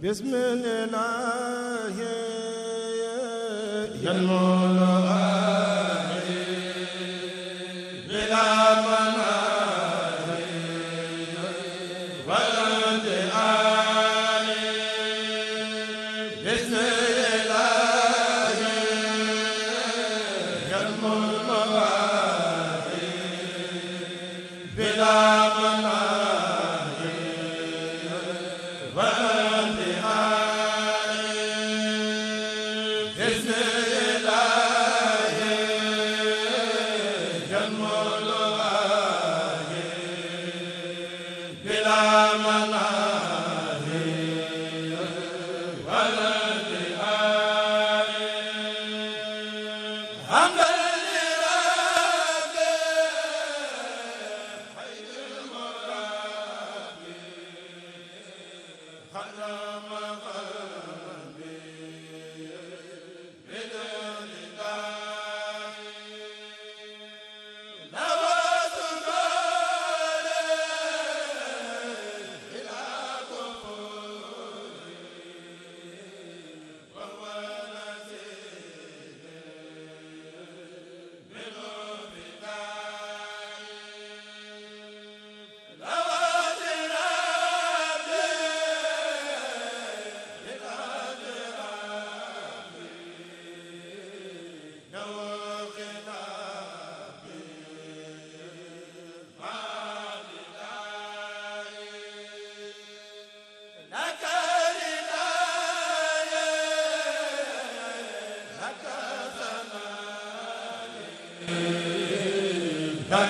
bismillah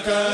ka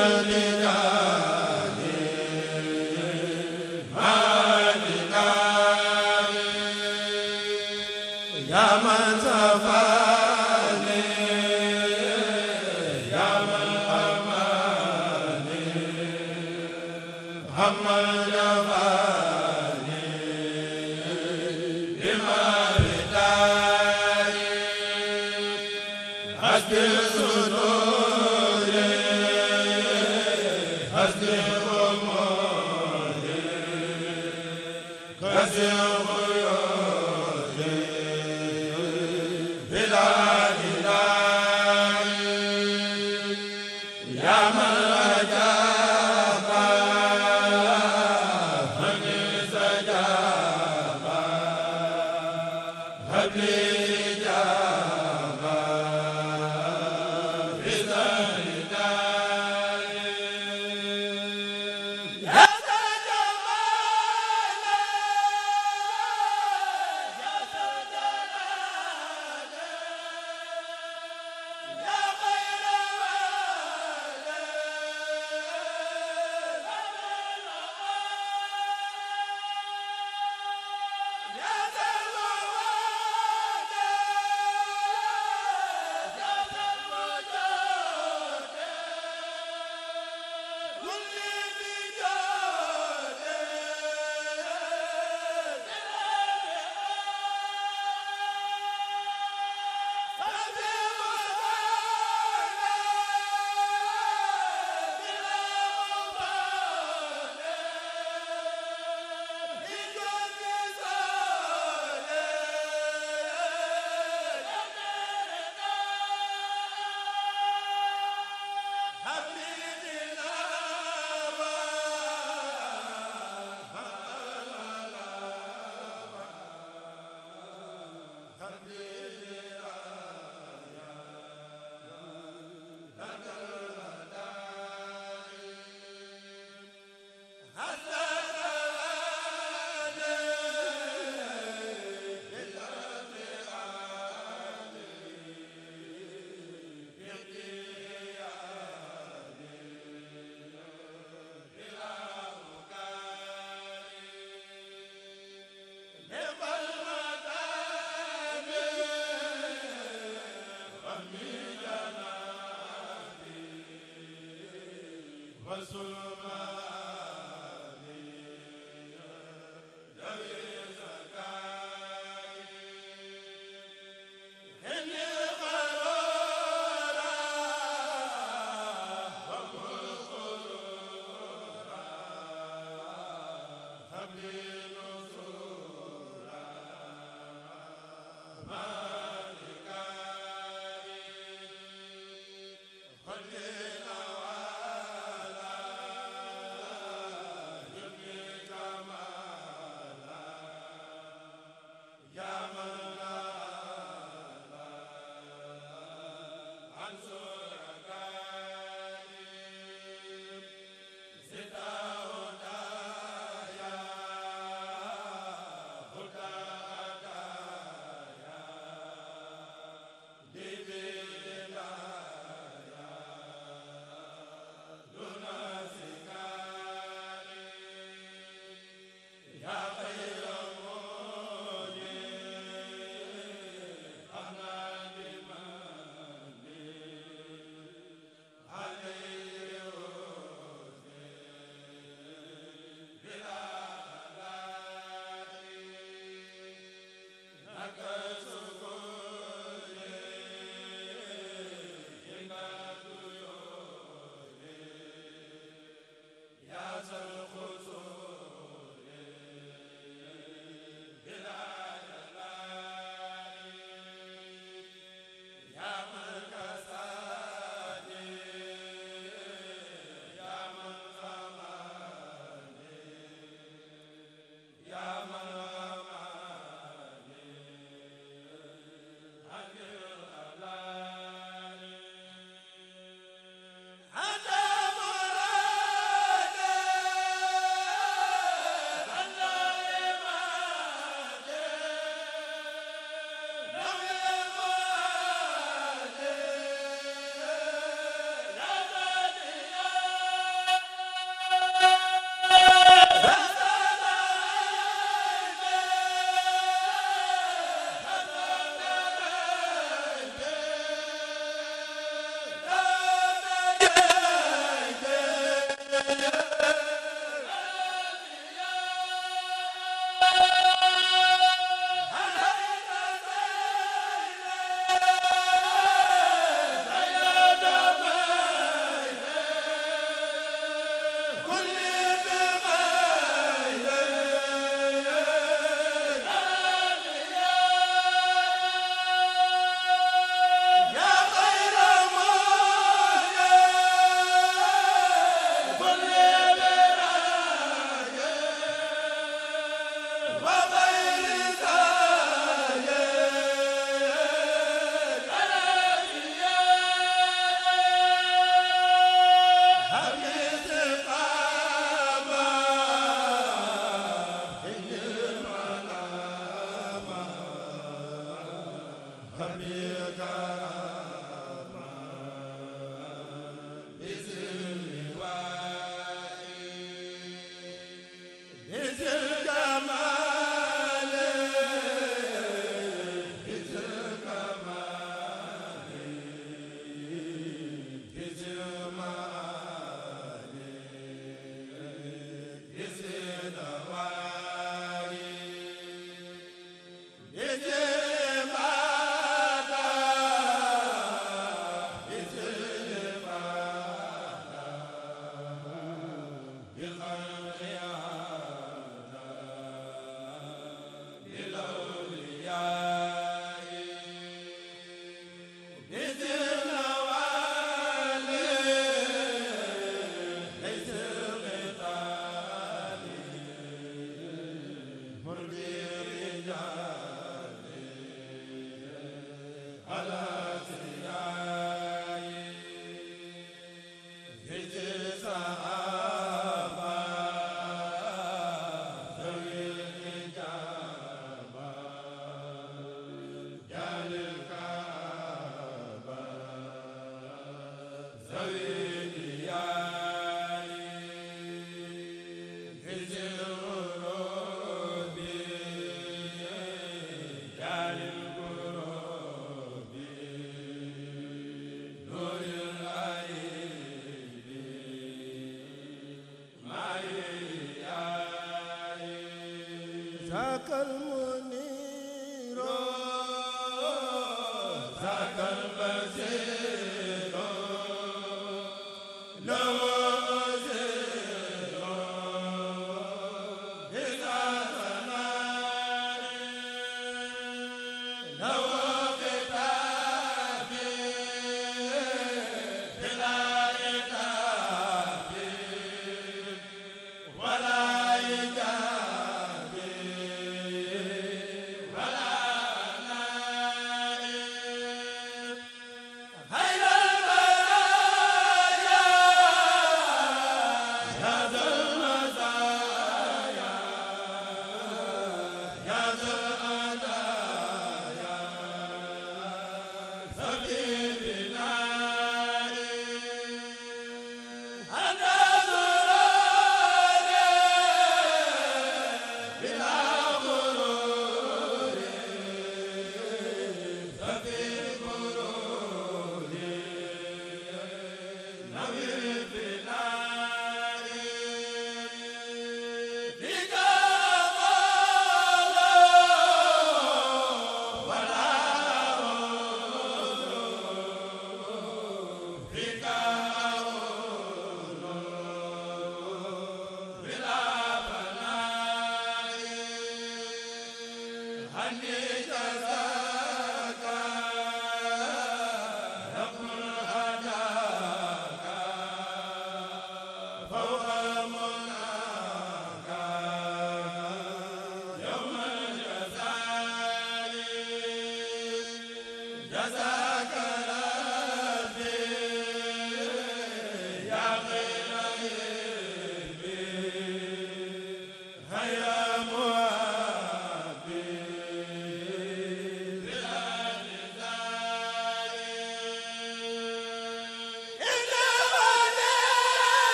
rasul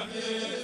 Amiin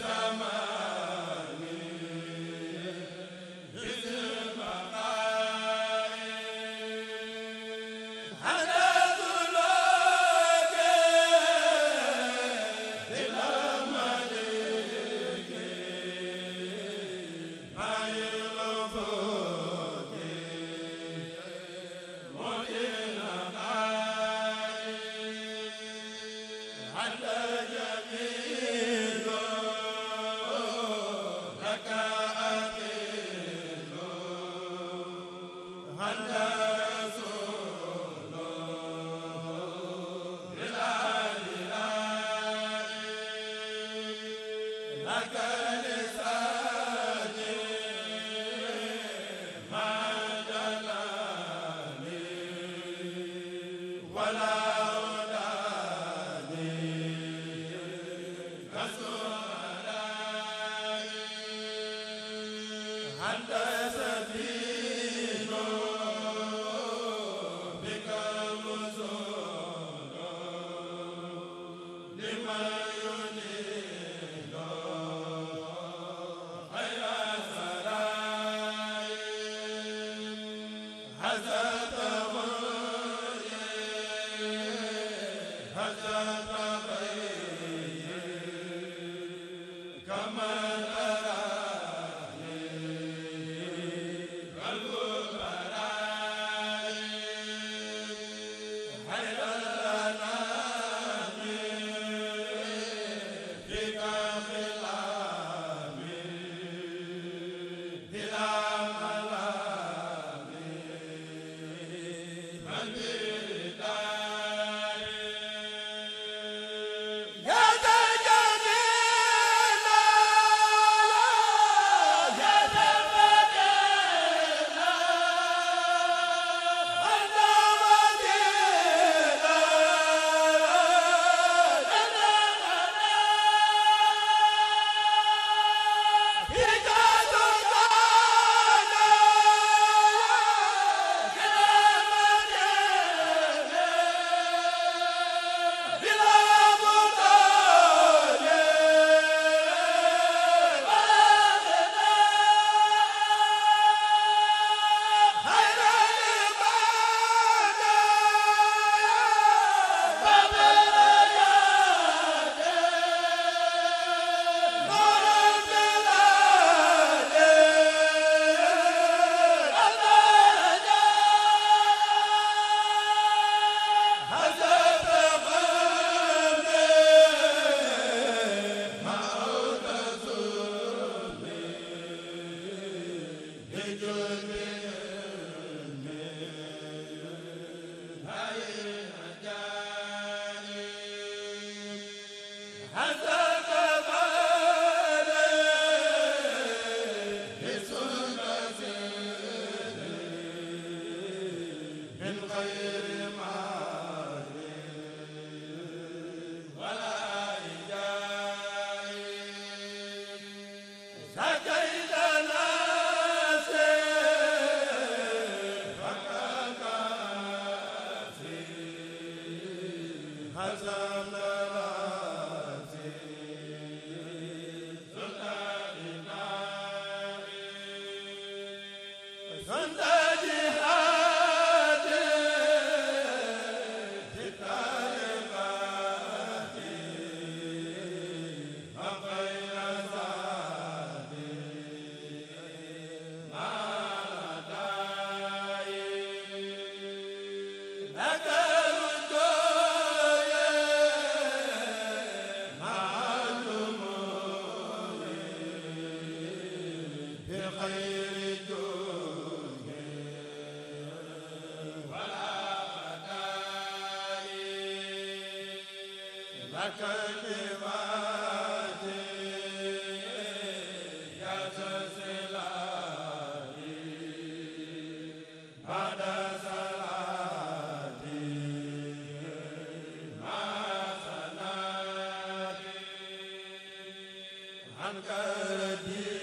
an karadi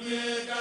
bi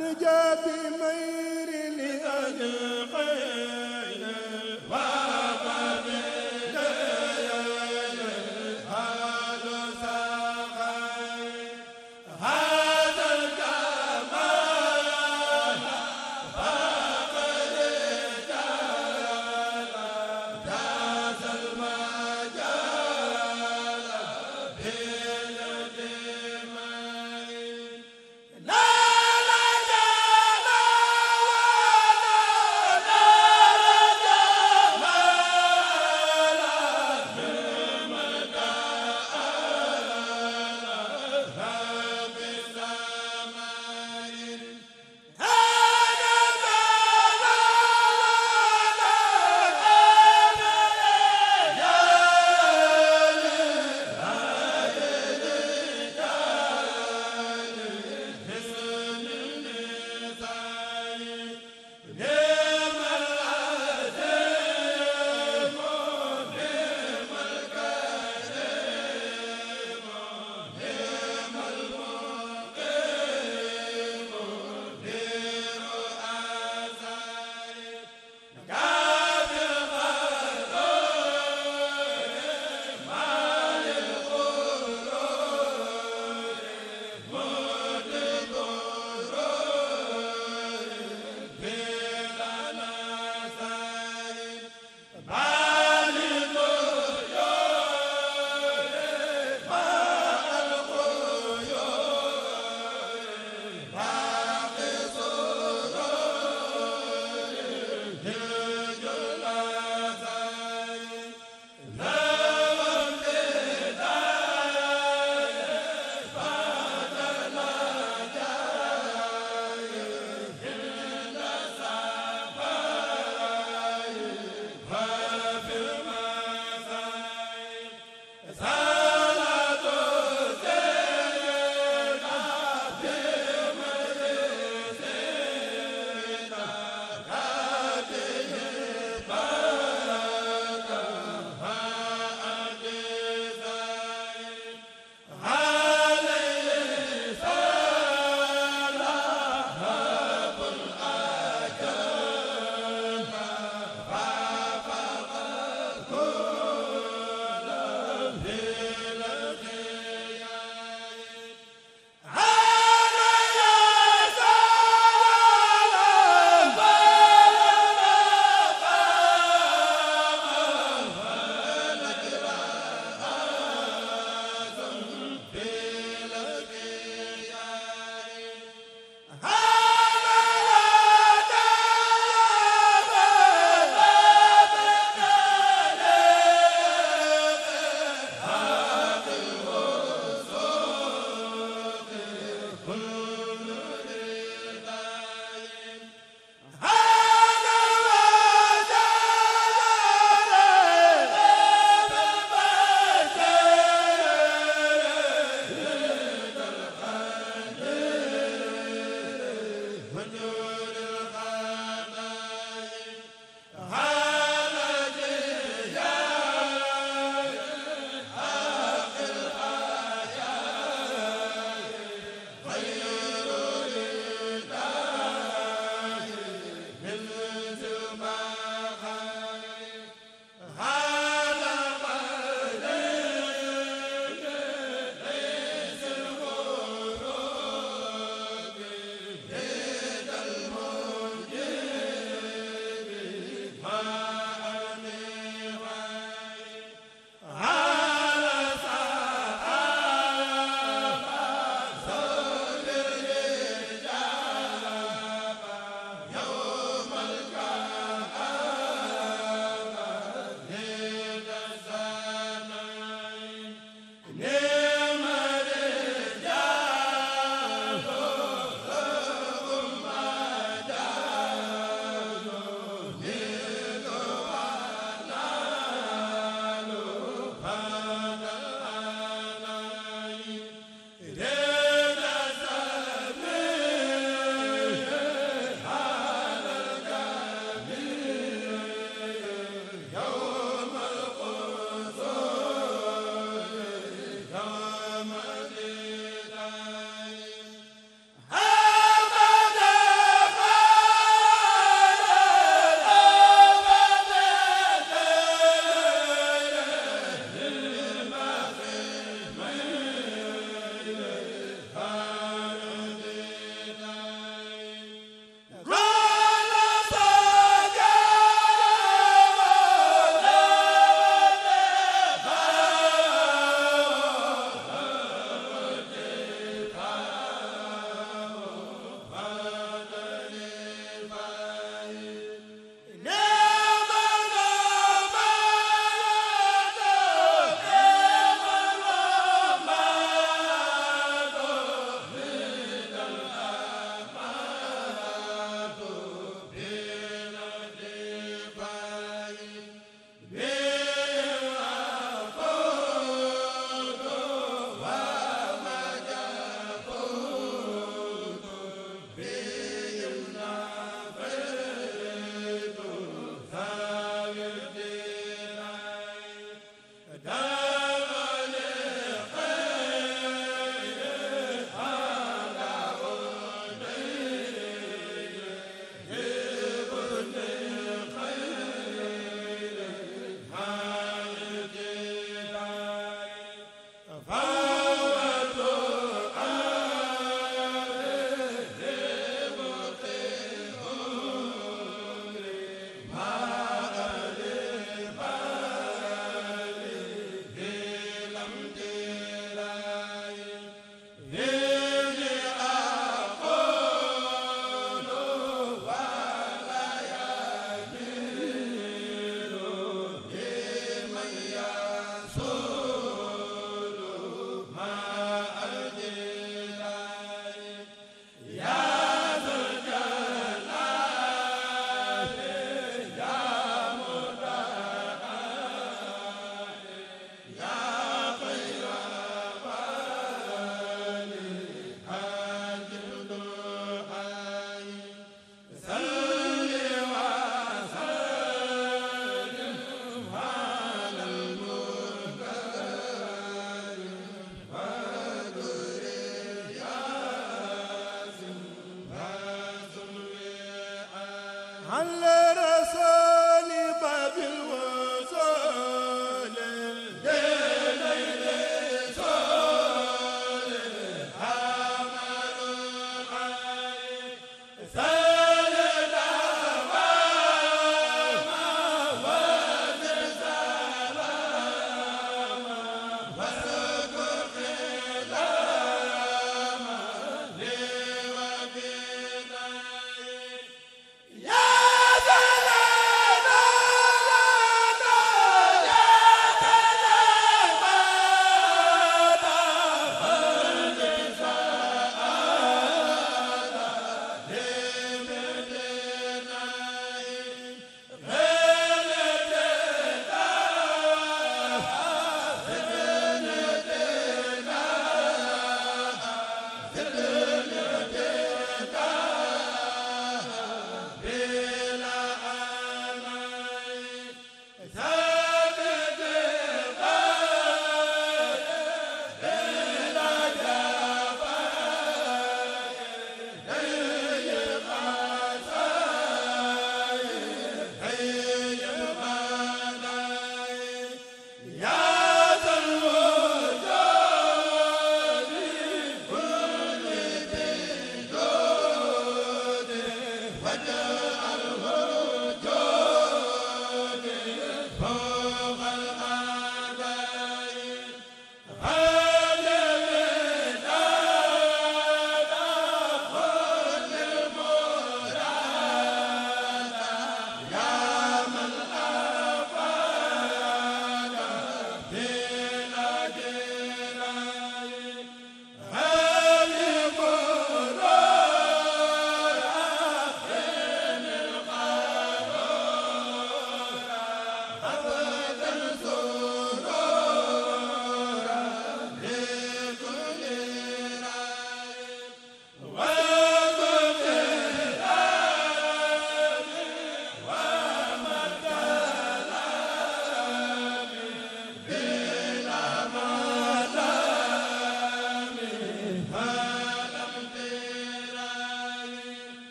li jaabi